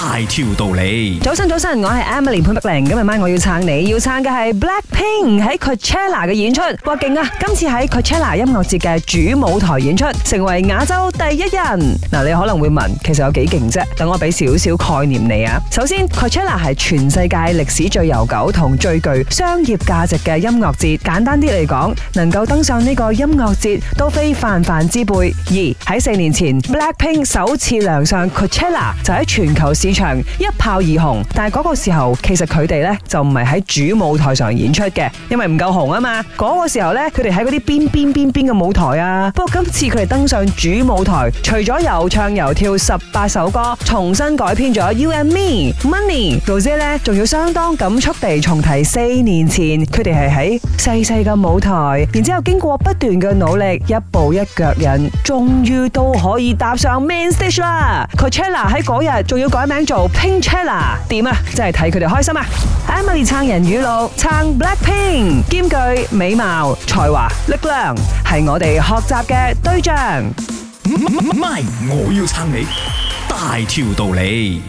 大條道理，早晨早晨，我係 Emily 潘碧玲，今日晚我要撐你，要撐嘅係 Blackpink 喺 Coachella 嘅演出，嘩勁啊！今次喺 Coachella 音樂節嘅主舞台演出，成為亞洲第一人。嗱，你可能會問，其實有幾勁啫？等我俾少少概念你啊。首先，Coachella 係全世界歷史最悠久同最具商業價值嘅音樂節。簡單啲嚟講，能夠登上呢個音樂節都非泛泛之輩。而喺四年前，Blackpink 首次亮相 Coachella，就喺全球視。一炮而紅，但係嗰個時候其實佢哋咧就唔係喺主舞台上演出嘅，因為唔夠紅啊嘛。嗰個時候咧，佢哋喺嗰啲邊邊邊邊嘅舞台啊。不過今次佢哋登上主舞台，除咗又唱又跳十八首歌，重新改編咗 You and Me Money。盧姐咧仲要相當感觸地重提四年前，佢哋係喺細細嘅舞台，然之後經過不斷嘅努力，一步一腳印，終於都可以踏上 Main Stage 啦。Coachella 喺嗰日仲要改名。想做 Pinkchella 點啊，真係睇佢哋開心啊！Emily 撐人語錄，撐 BLACKPINK，兼具美貌、才華、力量，係我哋學習嘅對象。唔係，我要撐你，大條道理。